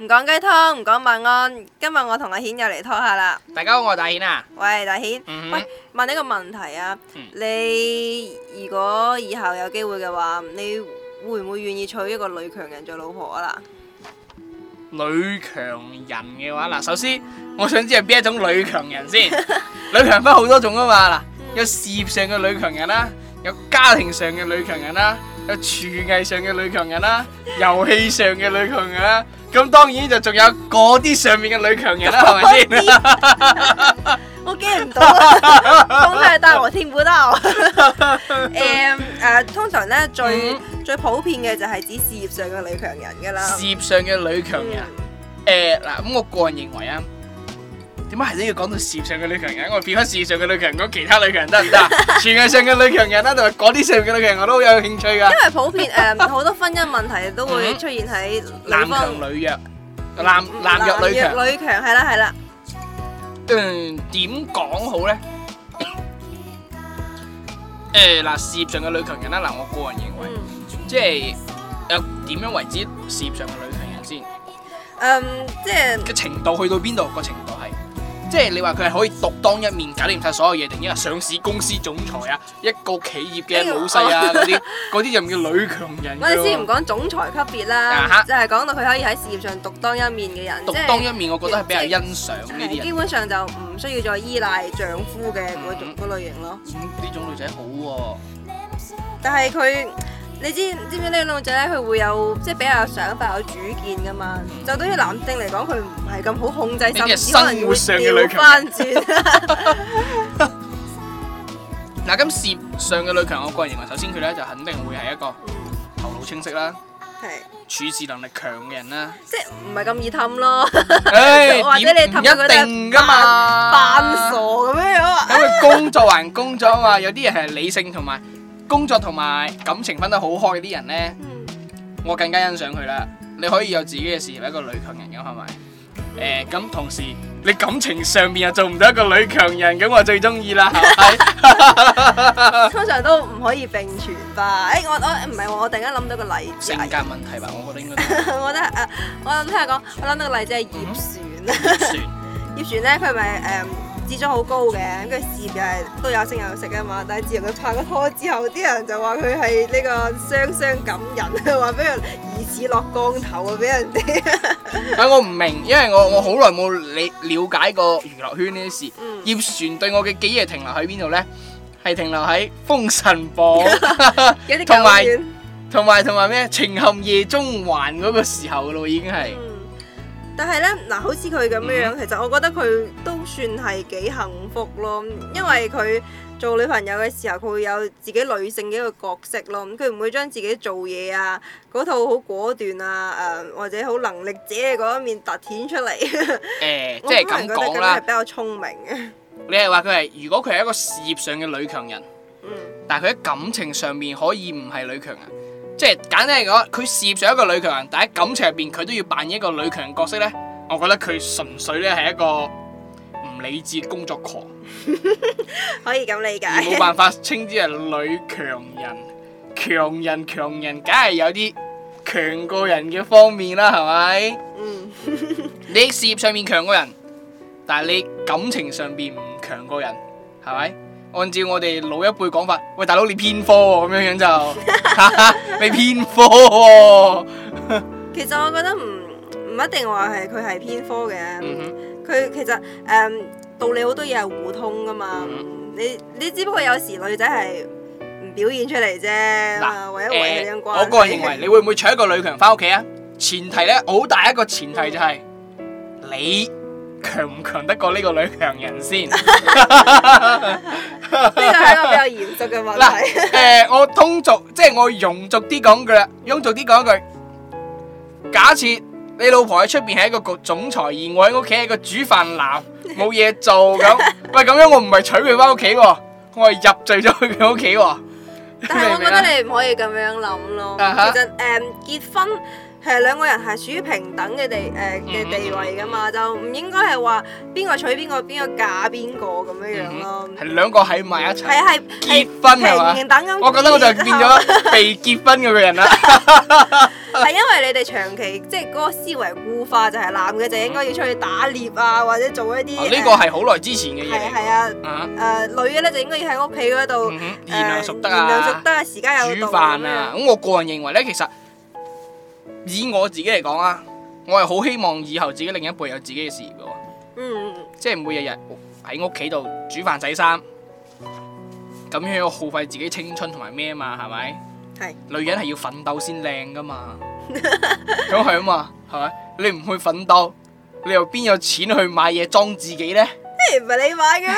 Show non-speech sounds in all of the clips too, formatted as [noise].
唔講雞湯，唔講晚安。今日我同阿顯又嚟拖下啦。大家好，我係大顯啊。喂，大顯。嗯。喂，問你個問題啊。嗯。你如果以後有機會嘅話，你會唔會願意娶一個女強人做老婆啊？啦。女強人嘅話，嗱，首先我想知係邊一種女強人先。女強分好多種啊嘛。嗱，有事業上嘅女強人啦，有家庭上嘅女強人啦，有廚藝上嘅女強人啦，遊戲上嘅女強人啦。咁當然就仲有嗰啲上面嘅女強人啦，係咪先？ [music] 吧 [laughs] 我驚唔到，風太大，和天不得誒誒， [laughs] um, uh, 通常咧最、嗯、最普遍嘅就係指事業上嘅女強人噶啦。事業上嘅女強人，誒嗱、嗯，咁、呃、我個人認為吖。點解係都要講到事業上嘅女強人？我變翻事業上嘅女強人講其他女強人得唔得？ [laughs] 全世上嘅女強人咧，就係講啲上嘅女強人，我都好有興趣噶。因為普遍誒好、呃、多婚姻問題都會出現喺、嗯、男強女弱、男男弱女強，女強係啦係啦。嗯，點講好咧？誒、呃、嗱，事業上嘅女強人啦，嗱、呃，我個人認為，嗯、即係又點樣為之事業上嘅女強人先？嗯，即係個程度去到邊度？個程度。即係你話佢係可以獨當一面，搞掂晒所有嘢，定一個上市公司總裁啊，一個企業嘅老細啊嗰啲，啲 [laughs] 就唔叫女強人？啊。我哋先唔講總裁級別啦，啊、哈就係講到佢可以喺事業上獨當一面嘅人。獨當一面，我覺得係比較欣賞呢啲。人，基本上就唔需要再依賴丈夫嘅嗰種嗰類型咯。呢、嗯、種女仔好喎，啊，但係佢。你知知唔知呢個女仔咧，佢會有即係比較有想法、有主見噶嘛？就對於男性嚟講，佢唔係咁好控制生活上嘅女強嘅。嗱，咁 [laughs] 事業上嘅女強，我個人認為，首先佢咧就肯定會係一個頭腦清晰啦，係是處事能力強嘅人啦，即係唔係咁易氹咯， [laughs] 或者你氹到佢哋扮傻咁樣樣。因 [laughs] 為工作還工作啊嘛，有啲人係理性同埋。工作同埋感情分得好開，啲人咧，我更加欣賞佢啦。你可以有自己嘅事業，一個女強人咁係咪？誒，咁同時你感情上邊又做唔到一個女強人，咁我最中意啦。係咪？通常都唔可以並存吧？誒，我我唔係我突然間諗到個例，性格問題吧？我覺得應該，我覺得誒，我諗聽下講，我諗到個例子係葉璇。葉璇，葉璇咧，佢咪誒。始終好高嘅，咁佢事業係都有聲有色啊嘛。但係自然佢拍咗拖之後，啲人就話佢係呢個雙雙感人，話俾人疑似落降頭啊，俾人哋。但、嗯、我唔明，因為我我好耐冇了了解過娛樂圈呢啲事。葉璇、嗯、對我嘅記憶停留喺邊度咧？係停留喺《封神榜》 [laughs] 有，同埋同埋同埋咩？情線陷夜中環嗰個時候咯，已經係。嗯但係咧，嗱，好似佢咁嘅樣，嗯、哼其實我覺得佢都算係幾幸福咯，因為佢做女朋友嘅時候，佢會有自己女性嘅一個角色咯。佢唔會將自己做嘢啊，嗰套好果斷啊，誒，或者好能力者嘅嗰一面凸顯出嚟。誒、欸，即係咁講啦，可能我覺得佢係比較聰明嘅。你係話佢係如果佢係一個事業上嘅女強人，嗯、但係佢喺感情上面可以唔係女強人。即係簡單嚟講，佢事業上一個女強人，但喺感情入邊佢都要扮演一個女強人角色呢？我覺得佢純粹呢係一個唔理智工作狂， [laughs] 可以咁理解，冇辦法稱之係女強人。強人強人，梗係有啲強過人嘅方面啦，係咪？嗯， [laughs] 你事業上面強過人，但係你感情上面唔強過人，係咪？按照我哋老一輩講法，喂，大佬你偏科喎、哦，咁樣樣就，哈哈 [laughs] [laughs] 科、哦，你偏科喎。其實我覺得唔唔一定話係佢係偏科嘅，佢、嗯、哼其實誒、嗯、道理好多嘢係互通噶嘛，嗯、你你只不過有時女仔係唔表現出嚟啫。嗱， [laughs] 為咗為我個人認為，你會唔會娶一個女強人翻屋企啊？前提咧，好大一個前提就係、是嗯、你強唔強得過呢個女強人先。 [laughs] [laughs] 呢個係一個比較嚴肅嘅問題。誒、呃，我通俗，即係我庸俗啲講句啦，庸俗啲講一句，假設你老婆喺出邊係一個局總裁，而我喺屋企係個煮飯男，冇嘢做咁， [laughs] 喂，咁樣我唔係娶佢翻屋企喎，我係入贅咗去佢屋企喎。但係我覺得你唔可以咁樣諗咯，uh huh. 其實誒、嗯，結婚。其實兩個人係屬於平等嘅地誒嘅地位噶嘛，就唔應該係話邊個娶邊個，邊個嫁邊個咁樣樣咯。係兩個喺埋一齊，結婚係嘛？平等咁，我覺得我就變咗被結婚嗰個人啦。係因為你哋長期即係嗰個思維固化，就係男嘅就應該要出去打獵啊，或者做一啲呢個係好耐之前嘅嘢。係啊，誒女嘅咧就應該要喺屋企嗰度賢良淑德啊，賢良淑德，時間又煮飯啊。咁我個人認為咧，其實。以我自己嚟講啊，我係好希望以後自己另一半有自己嘅事業噶，嗯，即係唔會日日喺屋企度煮飯洗衫，咁樣要耗費自己青春同埋咩啊嘛，係咪？是女人係要奮鬥先靚噶嘛，咁係啊嘛，係咪？你唔去奮鬥，你又邊有錢去買嘢裝自己呢？唔係你買嘅咩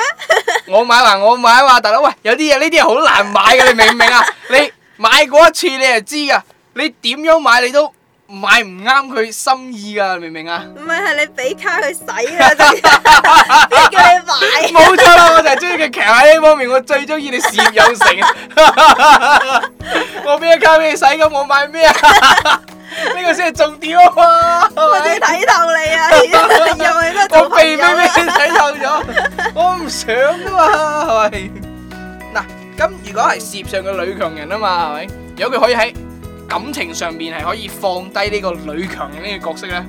[laughs] 我買還我買啊！大佬喂，有啲嘢呢啲嘢好難買嘅，你明唔明啊？ [laughs] 你買過一次你就知噶，你點樣買，買你都。買唔啱佢心意噶，明唔明啊？唔係係你俾卡去使啊，邊個要買？冇錯啦，我就係中意佢強勢呢方面，我最中意你事業有成。我俾咗卡俾你使咁我買咩啊？呢個先係重點啊嘛！我哋睇透你啊，事業有成。我被咩咩睇透咗？我唔想噶嘛，係咪？嗱，咁如果係事業上嘅女強人啊嘛，係咪？有佢可以喺。感情上面係可以放低呢個女強人呢個角色咧，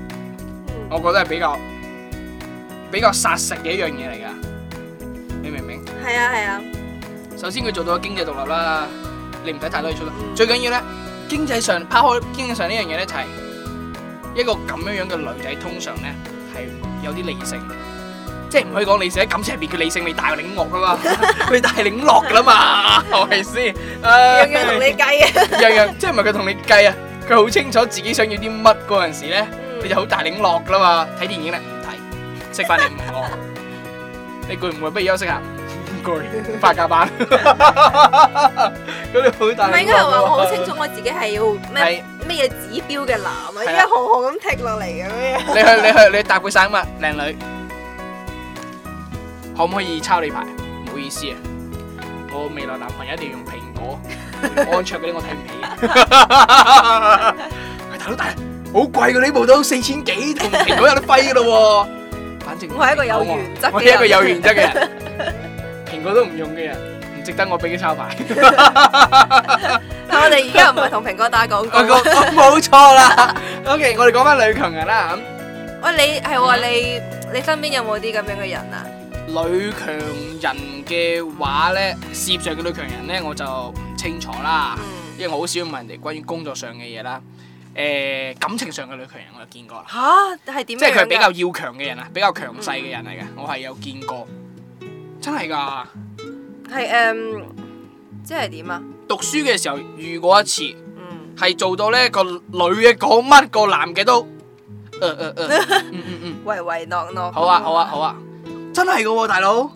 嗯、我覺得係比較比較殺食嘅一樣嘢嚟㗎，你明唔明？係啊係啊，啊首先佢做到經濟獨立啦，你唔使太多嘢出啦，最緊要咧經濟上，拋開經濟上呢樣嘢咧，就係一個咁樣樣嘅女仔通常咧係有啲理性。即係唔可以講理性，感情係比佢理性未大領落噶嘛？佢大領落噶啦嘛？係咪先？樣樣同你計啊！樣樣即係唔係佢同你計啊？佢好清楚自己想要啲乜嗰陣時咧，佢就好大領落噶啦嘛！睇電影咧唔睇，食飯你唔餓，你攰唔攰？不如休息下。唔攰，八加班。咁你好大領？唔係應該係話我好清楚我自己係要咩咩嘢指標嘅男啊，一號號咁剔落嚟嘅咩？你去你去你搭佢省物，靚女。可唔可以抄你牌？唔好意思啊，我未來男朋友一定要用蘋果，安卓嗰啲我睇唔起。大 [laughs] 佬、哎、大，好貴噶呢部都四千幾，同蘋果有得揮㗎咯。反正我係一個有原則，我係一個有原則嘅人， [laughs] 蘋果都唔用嘅人，唔值得我俾佢抄牌。 [laughs] 但我哋而家唔係同蘋果打廣告，冇 [laughs] [laughs] 錯啦。O.K. 我哋講翻女強人啦。喂，你係話你、嗯、你身邊有冇啲咁樣嘅人啊？ [laughs] 女強人嘅話咧，事業上嘅女強人咧，我就唔清楚啦。因為我好少問人哋關於工作上嘅嘢啦。誒，感情上嘅女強人，我就見過啦。吓，係點？即係佢係比較要強嘅人啊，比較強勢嘅人嚟嘅，我係有見過。真係噶？係誒，即係點啊？讀書嘅時候遇過一次。嗯。係做到呢個女嘅講乜，個男嘅都，嗯嗯嗯，唯唯諾諾。好啊，好啊，好啊。真係㗎喎，大佬！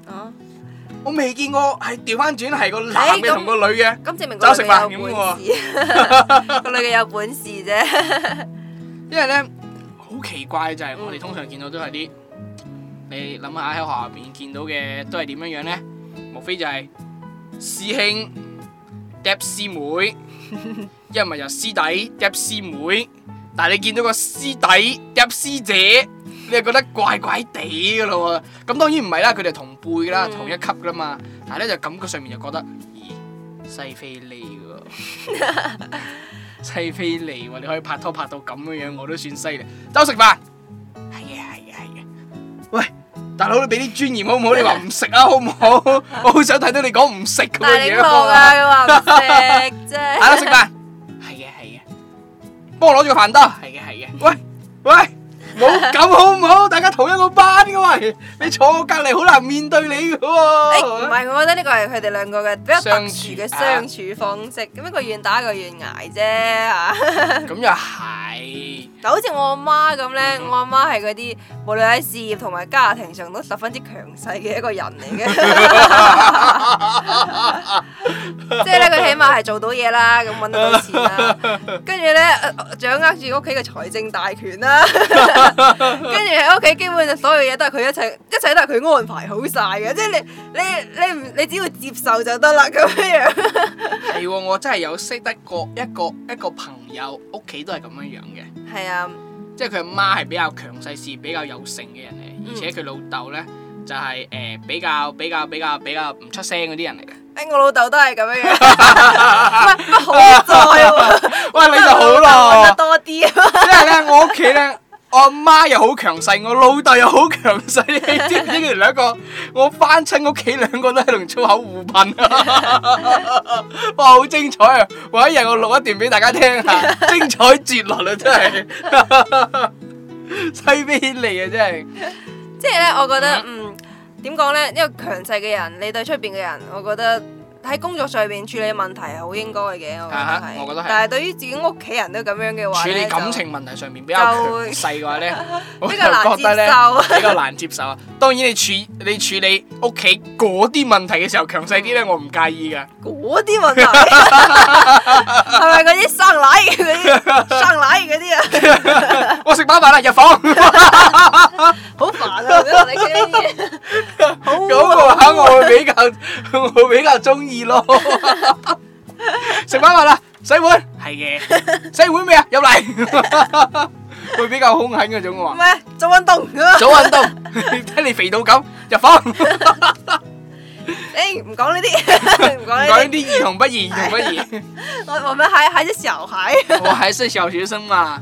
我未見過，係調翻轉係個男嘅同個女嘅，就證明喎，個女嘅有本事啫，因為咧好奇怪就係我哋通常見到都係啲，你諗下喺學校入邊見到嘅都係點樣樣咧？無非就係師兄夾師妹，一唔係就師弟夾師妹，但你見到個師弟夾師姐？你係覺得怪怪地噶咯喎，咁當然唔係啦，佢哋係同輩啦，同一級噶嘛，但係咧就感覺上面就覺得，咦，西菲利喎，西菲利喎，你可以拍拖拍到咁嘅樣，我都算犀利，走食飯。係嘅係嘅係嘅，喂，大佬你俾啲尊嚴好唔好？你話唔食啊好唔好？我好想睇到你講唔食咁嘅嘢。大啲肚啊，佢話食啫。係啦，食飯。係嘅係嘅，幫我攞住個飯兜。係嘅係嘅。喂喂。冇咁好嘛？同一個班嘅喎，你坐我隔離，好難面對你嘅喎、啊。唔係、欸，我覺得呢個係佢哋兩個嘅比較特殊嘅相處方式，咁、啊啊嗯、一個願打一個願挨啫嚇。咁又係。就、嗯、 [laughs] 好似我阿媽咁咧，嗯、我阿媽係嗰啲無論喺事業同埋家庭上都十分之強勢嘅一個人嚟嘅。即係咧，佢起碼係做到嘢啦，咁搵到錢啦，跟住咧掌握住屋企嘅財政大權啦，跟住喺屋企根本所有嘢都係佢一切，一切都係佢安排好晒嘅，即係你你你唔你只要接受就得啦咁樣樣。係，我真係有識得過一個一個朋友屋企都係咁樣樣嘅。係啊， [laughs] 即係佢阿媽係比較強勢、事比較有性嘅人嚟，而且佢老豆咧就係、是、誒、呃、比較比較比較比較唔出聲嗰啲人嚟嘅。誒、哎，我老豆都係咁樣樣，唔 [laughs] 好在、啊，哇， [laughs] 你就好咯，爸爸得多啲。因為咧，我屋企咧。 [laughs] 我阿媽又好強勢，我老豆又好強勢，你知唔知佢兩個？我翻親屋企兩個都係同粗口互噴， [laughs] 哇，好精彩啊！我一日我錄一段俾大家聽下， [laughs] 精彩絕倫啊，真係，犀邊嚟啊，真係。即係咧，我覺得 [laughs] 嗯，點講咧？一個強勢嘅人，你對出邊嘅人，我覺得。喺工作上面處理問題係好應該嘅，我覺得係。但係對於自己屋企人都咁樣嘅話，處理感情問題上面比較強勢嘅話咧，我就覺得咧比較難接受。啊。當然你處你處理屋企嗰啲問題嘅時候強勢啲咧，我唔介意噶。嗰啲問題係咪嗰啲生奶嗰啲生奶嗰啲啊？我食飽飯啦，入房。好煩啊！你講呢啲，咁嘅話我會比較我會比較中意。易咯，食翻飯啦，洗碗係嘅，洗碗未啊？入嚟，會比較凶狠嗰種啊。唔係，做運動。做運動，睇你肥到咁，入房。誒，唔講呢啲，唔講呢啲兒童不宜，兒童不宜。我我們還還是小孩，我還是小學生嘛。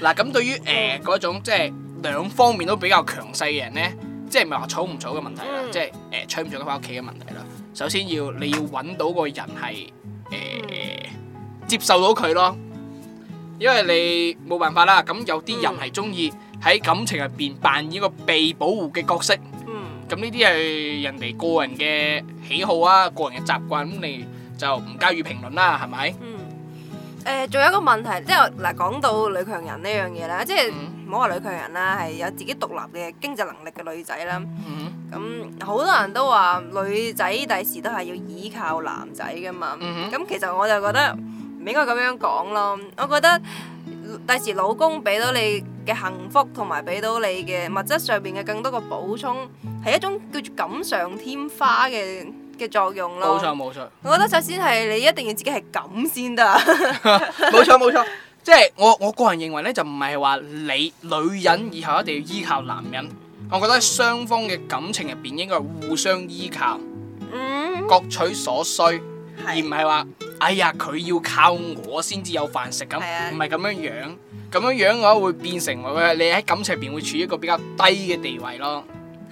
嗱，咁對於誒嗰種即係兩方面都比較強勢嘅人咧，即係唔係話嘈唔嘈嘅問題啦，即係誒搶唔搶得翻屋企嘅問題啦。首先要你要揾到個人係誒接受到佢咯，因為你冇辦法啦。咁有啲人係中意喺感情入邊扮演個被保護嘅角色。嗯。咁呢啲係人哋個人嘅喜好啊，個人嘅習慣。咁你就唔加以評論啦，係咪？嗯。誒，仲有一個問題，即係嗱，講到女強人呢樣嘢啦，即係唔好話女強人啦，係有自己獨立嘅經濟能力嘅女仔啦。嗯。咁好多人都話女仔第時都係要依靠男仔噶嘛，咁、嗯、哼其實我就覺得唔應該咁樣講咯。我覺得第時老公俾到你嘅幸福，同埋俾到你嘅物質上面嘅更多個補充，係一種叫做錦上添花嘅嘅作用咯。冇錯冇錯，錯我覺得首先係你一定要自己係咁先得。冇錯冇錯，即係我我個人認為咧，就唔係話你女人以後一定要依靠男人。我覺得雙方嘅感情入邊應該係互相依靠，嗯、各取所需，是而唔係話，哎呀佢要靠我先至有飯食咁，唔係咁樣樣，咁、啊、樣樣嘅話會變成話你喺感情入邊會處於一個比較低嘅地位咯，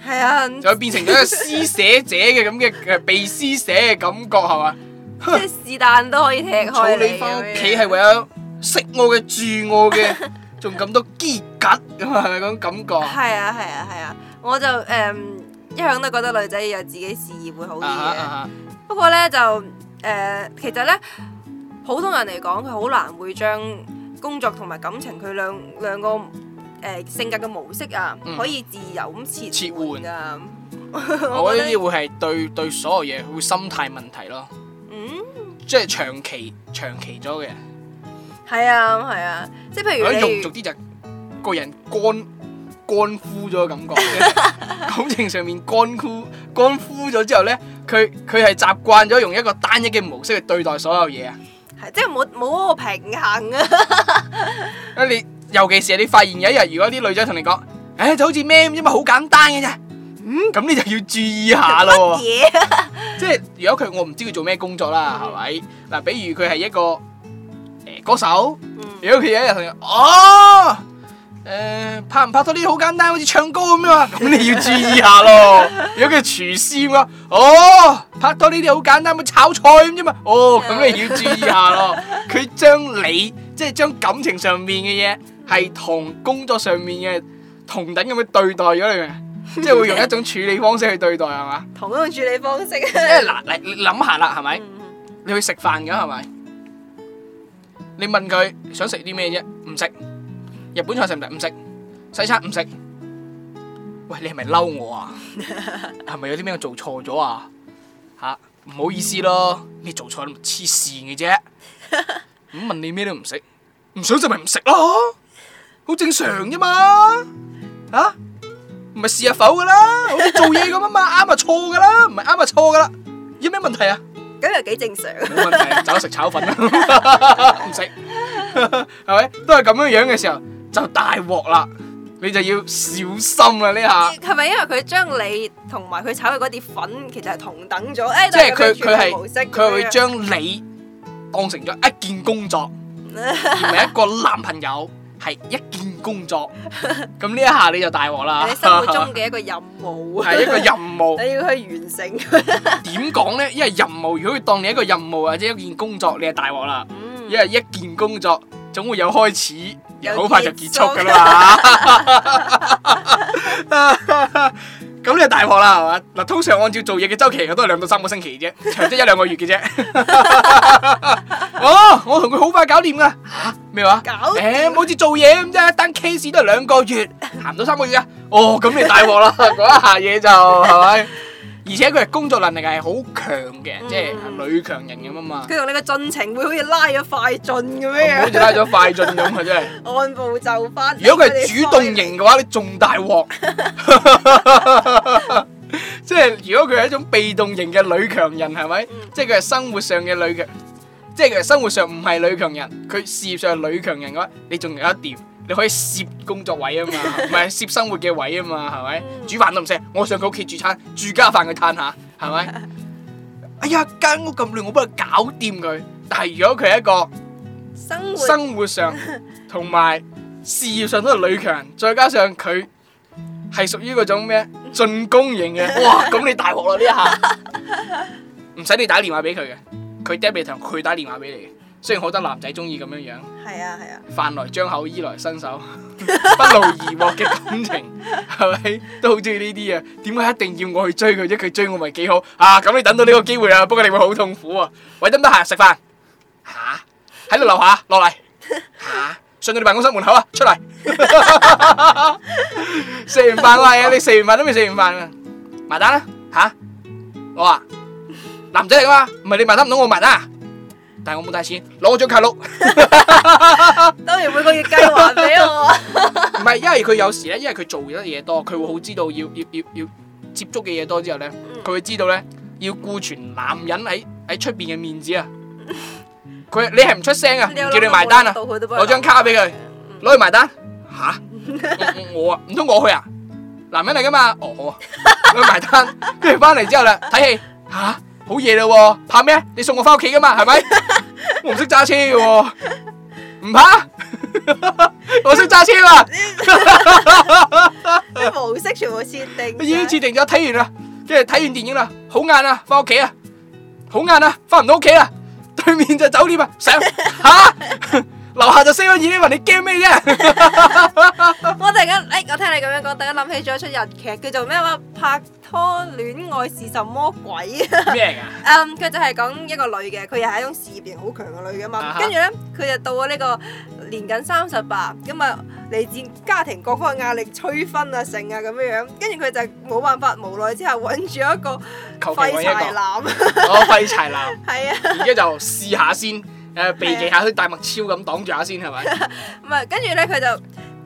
係啊，就變成咗一個施捨者嘅咁嘅被施捨嘅感覺係嘛？是即係是但都可以踢開，返屋企係 [laughs] 為咗食我嘅住我嘅。 [laughs] 仲咁多拘格，咁啊，係咪咁感覺？係啊係啊係啊！我就誒、嗯、一向都覺得女仔有自己事業會好啲、啊啊、不過咧就誒、呃，其實咧，普通人嚟講，佢好難會將工作同埋感情佢兩兩個誒、呃、性格嘅模式啊，嗯、可以自由咁切切換㗎。換 [laughs] 我覺得呢啲會係對對所有嘢會心態問題咯。嗯。即係長期長期咗嘅。係啊，係啊，即係譬如，如果用俗啲就個人乾乾枯咗嘅感覺， [laughs] 感情上面乾枯乾枯咗之後咧，佢佢係習慣咗用一個單一嘅模式去對待所有嘢啊，係即係冇冇個平衡啊，啊 [laughs] 你尤其是你發現有一日如果啲女仔同你講，誒、哎、就好似咩因啫好簡單嘅咋，嗯，咁你就要注意下咯，麼 [laughs] 即係如果佢我唔知佢做咩工作啦，係咪嗱？比如佢係一個。歌手，嗯、如果佢一日同人，哦，誒、呃，拍唔拍拖呢啲好簡單，好似唱歌咁啊嘛，咁你要注意下咯。 [laughs] 如果個廚師啦，哦，拍拖呢啲好簡單，咪炒菜咁啫嘛，哦，咁你要注意下咯。佢將 [laughs] 你即係將感情上面嘅嘢，係同工作上面嘅同等咁樣對待咗你，即、就、係、是、會用一種處理方式去對待係嘛，同一種處理方式。即係嗱，你諗下啦，係咪？嗯、你去食飯噶係咪是你問佢想食啲咩啫？唔食日本菜，食唔食？唔食西餐？唔食。喂，你係咪嬲我啊？係咪 [laughs] 有啲咩做錯咗啊？吓，唔好意思咯，你做錯黐線嘅啫。咁 [laughs] 問你咩都唔食，唔想食咪唔食咯，好正常啫嘛。啊，唔係試下否噶啦，好似做嘢咁啊嘛，啱咪錯噶啦，唔係啱咪錯噶啦，有咩問題啊？咁又幾正常？冇問題，走食 [laughs] 炒粉啦，唔食，係咪？都係咁樣樣嘅時候，就大鑊啦，你就要小心啦呢下。係咪因為佢將你同埋佢炒嘅嗰啲粉，其實係同等咗？即係佢佢係佢會將你當成咗一件工作， [laughs] 而係一個男朋友。係一件工作，咁呢一下你就大鑊啦！ [laughs] 你生活中嘅一個任務，係 [laughs] 一個任務， [laughs] 你要去完成。點 [laughs] 講呢？因為任務如果佢當你一個任務或者一件工作，你就大鑊啦。嗯、因為一件工作總會有開始，又好快就結束噶啦。結 [laughs] [laughs] 咁你係大鑊啦，係嘛？嗱，通常按照做嘢嘅周期，我都係兩到三個星期嘅啫，長啲一兩個月嘅啫。 [laughs] 哦，我同佢好快搞掂噶嚇，咩、啊、話？搞誒，好似、欸、做嘢咁啫，單 case 都係兩個月，行唔到三個月啊。哦，咁你大鑊啦，講 [laughs] 一下嘢就係咪？而且佢嘅工作能力係好強嘅，嗯、即係女強人咁啊嘛。佢同你嘅進程會好似拉咗快進咁樣。好似拉咗快進咁啊！真係按部就班。如果佢係主動型嘅話， [laughs] 你仲大鑊。 [laughs] [laughs] [laughs] 即係如果佢係一種被動型嘅女強人，係咪？嗯、即係佢係生活上嘅女強，即係佢係生活上唔係女強人，佢事業上係女強人嘅話，你仲有一掂。你可以攝工作位啊嘛，唔係攝生活嘅位啊嘛，係咪？嗯、煮飯都唔識，我上佢屋企煮餐，住家飯嘅歎下，係咪？ [laughs] 哎呀，間屋咁亂，我幫佢搞掂佢。但係如果佢係一個生活上同埋事業上都係女強，再加上佢係屬於嗰種咩進攻型嘅，哇！咁你大鑊啦呢一下，唔使 [laughs] 你打電話俾佢嘅，佢爹哋同佢打電話俾你嘅。雖然好多男仔中意咁樣樣，係啊係啊，飯來張口，衣來伸手，不勞而獲嘅感情，係咪都好中意呢啲啊？點解一定要我去追佢啫？佢追我咪幾好啊？咁你等到呢個機會啊，不過你會好痛苦啊！喂，得唔得閒食飯？吓，喺度樓下落嚟，吓，上到你辦公室門口啊，出嚟，食完飯我嚟啊！你食完飯都未食完飯啊？埋單啦，吓，我話男仔嚟噶嘛，唔係你埋單唔到我埋單啊？但係我冇帶錢，攞張卡碌，當然每個月計還俾我。唔係，因為佢有時咧，因為佢做嘅嘢多，佢會好知道要要要要接觸嘅嘢多之後咧，佢會知道咧要顧全男人喺喺出邊嘅面子啊。佢你係唔出聲啊？叫你埋單啊？攞張卡俾佢，攞去埋單。吓？我啊？唔通我去啊？男人嚟噶嘛？哦，好啊，我埋單。跟住翻嚟之後咧，睇戲。吓？好夜嘞喎，怕咩？你送我翻屋企噶嘛？係咪？我唔識揸車嘅、啊，唔怕，我識揸車啦、啊。 [laughs] [laughs] 模式全部設定，已經設定咗，睇完啦，即係睇完電影啦，好晏啦，翻屋企啊，好晏啦，翻唔到屋企啦，對面就酒店啊，上吓。樓下就咗蚊二啦，問你驚咩啫？ [laughs] [laughs] 我突然間，誒、哎，我聽你咁樣講，突然間諗起咗一出日劇，叫做咩話？拍拖戀愛是什麼鬼啊？咩㗎麼？ [laughs] 嗯，佢就係講一個女嘅，佢又係一種事業型好強嘅女嘅嘛。跟住咧，佢就到咗呢個年近三十吧，咁啊嚟自家庭各方嘅壓力催婚啊、剩啊咁樣樣。跟住佢就冇辦法，無奈之下揾住一個廢柴男，我 [laughs] 廢柴男，係啊，而家就試下先。誒避忌下佢大麥超咁擋住下先係咪？唔係，跟住咧，佢就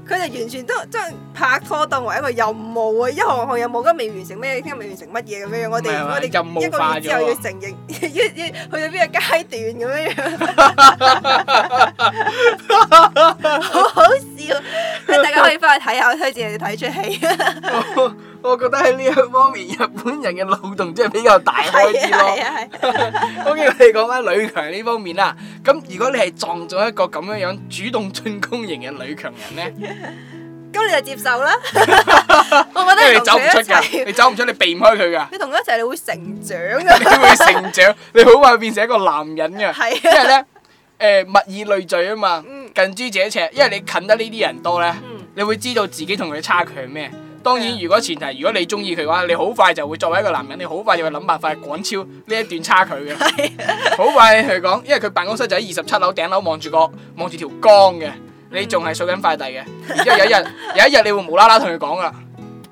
佢就完全都將拍拖當為一個任務啊！一行一行，一行任務都未完成咩？聽日未完成乜嘢咁樣？我哋 [music] 我哋一個月之後要承認要一去到邊個階段咁樣樣，好好笑！大家可以翻去睇下，我推薦你哋睇出戲。 [laughs] [laughs] 我覺得喺呢一方面，日本人嘅腦洞真係比較大開啲咯。 [laughs] [laughs] 我叫你講翻女強呢方面啦。咁如果你係撞咗一個咁樣樣主動進攻型嘅女強人咧，咁 [laughs] 你就接受啦。 [laughs] 我覺得因為你走唔出㗎，你走唔出，你避唔開佢㗎。你同佢一齊，你會成長㗎。你會成長，你好快會變成一個男人㗎。係啊，因為咧，誒、呃、物以類聚啊嘛。近朱者赤，因為你近得呢啲人多咧，你會知道自己同佢差距係咩。當然，如果前提如果你中意佢嘅話，你好快就會作為一個男人，你好快就會諗辦法趕超呢一段差距嘅。好 [laughs] 快佢講，因為佢辦公室就喺二十七樓頂樓望住個望住條江嘅，你仲係送緊快遞嘅。然之後有一日有一日，你會無啦啦同佢講啦，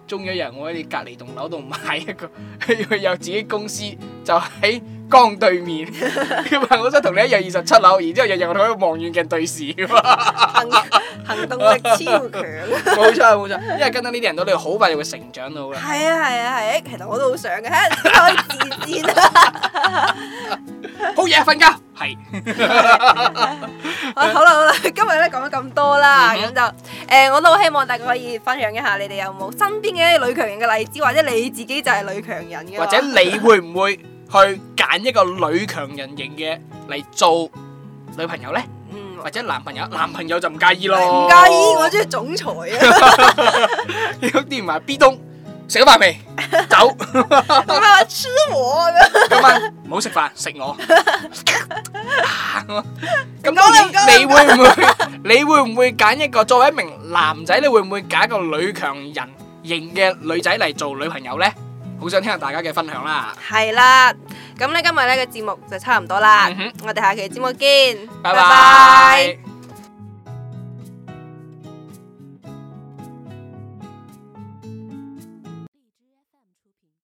終一日我喺你隔離棟樓度買一個，佢 [laughs] 有自己公司就喺。江對面，佢話：我想同你一樣二十七樓，然之後日日我哋喺度望遠鏡對視。行動力超強，冇錯冇錯，因為跟得呢啲人到你好快就會成長到嘅。係啊係啊係，其實我都好想嘅，可以自戰啊！好嘢，瞓覺係。好啦好啦，今日咧講咗咁多啦，咁就誒我都好希望大家可以分享一下你哋有冇身邊嘅一啲女強人嘅例子，或者你自己就係女強人嘅，或者你會唔會？去揀一個女強人型嘅嚟做女朋友呢，或者男朋友，男朋友就唔介意咯。唔介意，我中意總裁啊！兄弟話 B 東食咗飯未？走。你係話吃我？今晚唔好食飯，食我。咁點解？你會唔會？你會唔會揀一個作為一名男仔？你會唔會揀一個女強人型嘅女仔嚟做女朋友呢？好想聽下大家嘅分享啦！係啦，咁呢，今日呢個節目就差唔多啦，嗯哼，我哋下期節目見，拜拜。拜拜。